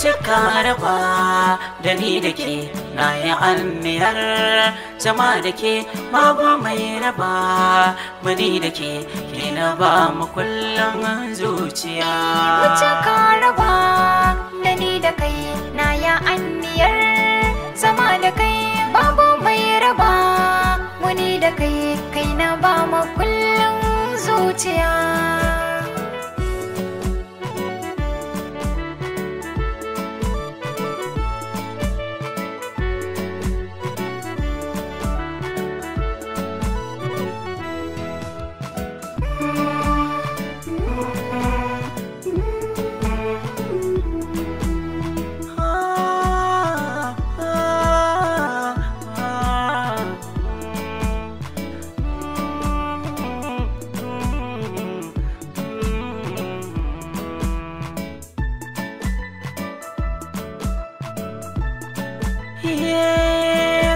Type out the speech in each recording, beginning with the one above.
cika maraba da ni da ke na yi almiyar zama da ke babu mai raba mani da ke ke na ba mu kullum zuciya cika maraba da ni da kai na yi almiyar zama da kai babu mai raba mani da kai kai na ba mu kullum zuciya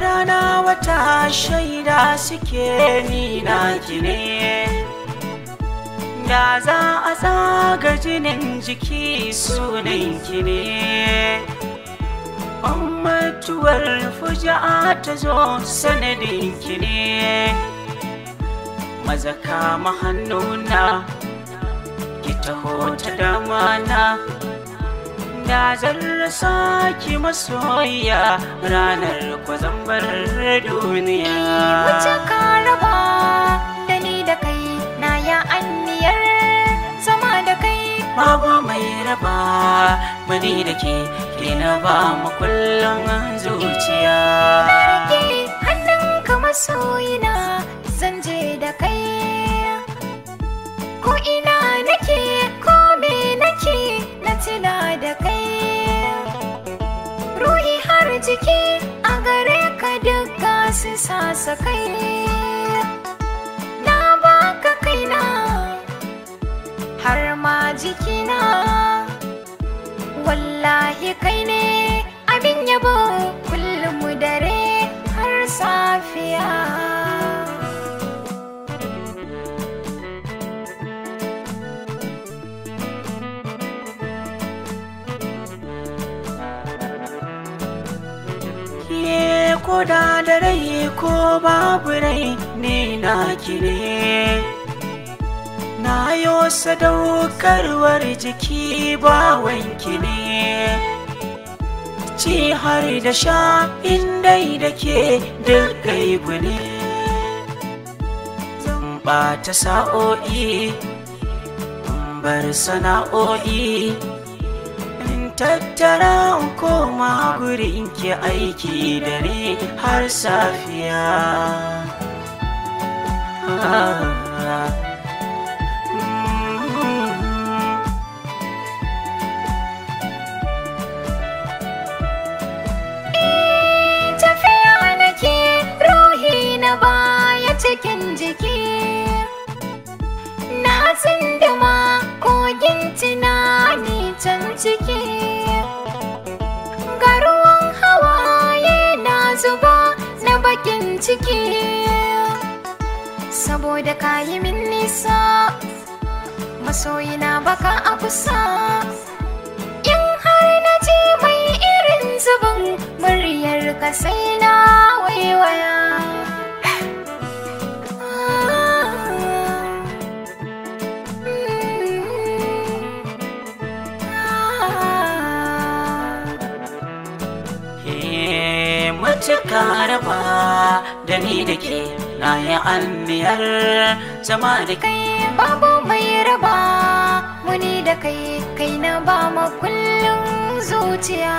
rana wata shaida suke ni na ne da za a tsaga jinin jiki sunan ki ne mutuwar fuja'a ta zo sanadin ki ne maza ki taho ta damana da zan rasa ki masoya ranar ku zan bar duniya wace ka raba da ni da kai na ya anniyar zama da kai babu mai raba mani da ke ke na ba mu kullum zuciya na rike hannun ka masoyina ciki a gare ka duka su sasa kai na baka kaina har Kuda da rai ko babu rai ne na kire na yo sadaukarwar jiki ba wanki ne ci har da sha indai da ke duk ne zan ɓata sa'o'i bar sana'o'i tattara in koma gurin ki aiki dare har safiya ah, ciki saboda ka yi min nisa masoyina baka a kusa in har na je mai irin zubin muryar ka sai na waiwaya cika raba da ni da ke na yi almiyar zama da kai babu mai raba muni da kai kai na ba ma kullum zuciya